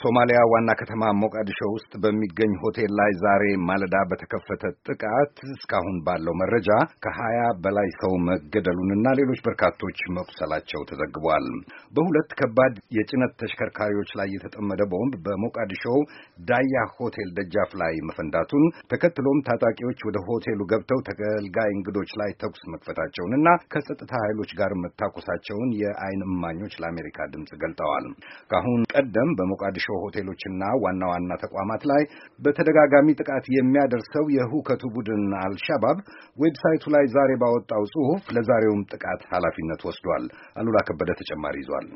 ሶማሊያ ዋና ከተማ ሞቃዲሾ ውስጥ በሚገኝ ሆቴል ላይ ዛሬ ማለዳ በተከፈተ ጥቃት እስካሁን ባለው መረጃ ከሀያ በላይ ሰው መገደሉንና ሌሎች በርካቶች መቁሰላቸው ተዘግቧል። በሁለት ከባድ የጭነት ተሽከርካሪዎች ላይ የተጠመደ ቦምብ በሞቃዲሾው ዳያ ሆቴል ደጃፍ ላይ መፈንዳቱን ተከትሎም ታጣቂዎች ወደ ሆቴሉ ገብተው ተገልጋይ እንግዶች ላይ ተኩስ መክፈታቸውንና ከጸጥታ ኃይሎች ጋር መታኮሳቸውን የአይን እማኞች ለአሜሪካ ድምፅ ገልጠዋል። ከአሁን ቀደም በሞቃዲሾ በቆሸሾ ሆቴሎችና ዋና ዋና ተቋማት ላይ በተደጋጋሚ ጥቃት የሚያደርሰው የሁከቱ ቡድን አልሻባብ ዌብሳይቱ ላይ ዛሬ ባወጣው ጽሑፍ ለዛሬውም ጥቃት ኃላፊነት ወስዷል። አሉላ ከበደ ተጨማሪ ይዟል።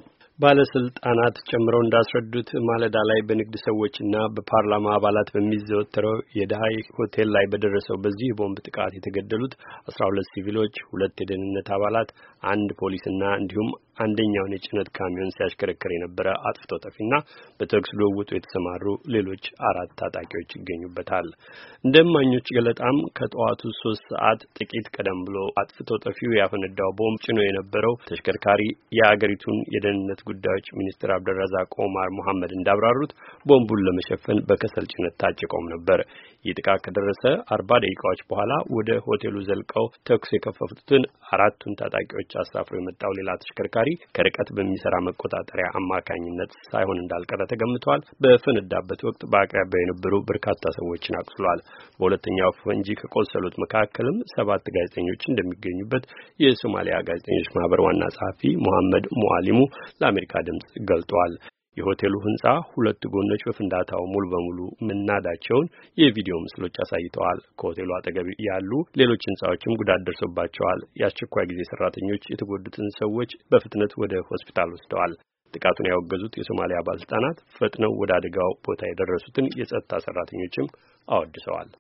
ባለስልጣናት ጨምረው እንዳስረዱት ማለዳ ላይ በንግድ ሰዎችና በፓርላማ አባላት በሚዘወተረው የድሃይ ሆቴል ላይ በደረሰው በዚህ ቦምብ ጥቃት የተገደሉት አስራ ሁለት ሲቪሎች፣ ሁለት የደህንነት አባላት፣ አንድ ፖሊስና እንዲሁም አንደኛውን የጭነት ካሚዮን ሲያሽከረክር የነበረ አጥፍቶ ጠፊና በተኩስ ልውውጡ የተሰማሩ ሌሎች አራት ታጣቂዎች ይገኙበታል። እንደ እማኞች ገለጣም ከጠዋቱ ሶስት ሰዓት ጥቂት ቀደም ብሎ አጥፍቶ ጠፊው ያፈነዳው ቦምብ ጭኖ የነበረው ተሽከርካሪ የአገሪቱን የደህንነት ጉዳዮች ሚኒስትር አብደልረዛቅ ኦማር መሐመድ እንዳብራሩት ቦምቡን ለመሸፈን በከሰል ጭነት ታጭቆም ነበር። ይህ ጥቃት ከደረሰ አርባ ደቂቃዎች በኋላ ወደ ሆቴሉ ዘልቀው ተኩስ የከፈቱትን አራቱን ታጣቂዎች አሳፍሮ የመጣው ሌላ ተሽከርካሪ ተሽከርካሪ ከርቀት በሚሰራ መቆጣጠሪያ አማካኝነት ሳይሆን እንዳልቀረ ተገምቷል። በፈነዳበት ወቅት በአቅራቢያው የነበሩ በርካታ ሰዎችን አቁስሏል። በሁለተኛው ፈንጂ ከቆሰሉት መካከልም ሰባት ጋዜጠኞች እንደሚገኙበት የሶማሊያ ጋዜጠኞች ማህበር ዋና ጸሐፊ ሞሐመድ ሙአሊሙ ለአሜሪካ ድምጽ ገልጧል። የሆቴሉ ህንጻ ሁለት ጎኖች በፍንዳታው ሙሉ በሙሉ መናዳቸውን የቪዲዮ ምስሎች አሳይተዋል። ከሆቴሉ አጠገብ ያሉ ሌሎች ህንጻዎችም ጉዳት ደርሶባቸዋል። የአስቸኳይ ጊዜ ሰራተኞች የተጎዱትን ሰዎች በፍጥነት ወደ ሆስፒታል ወስደዋል። ጥቃቱን ያወገዙት የሶማሊያ ባለስልጣናት ፈጥነው ወደ አደጋው ቦታ የደረሱትን የጸጥታ ሰራተኞችም አወድሰዋል።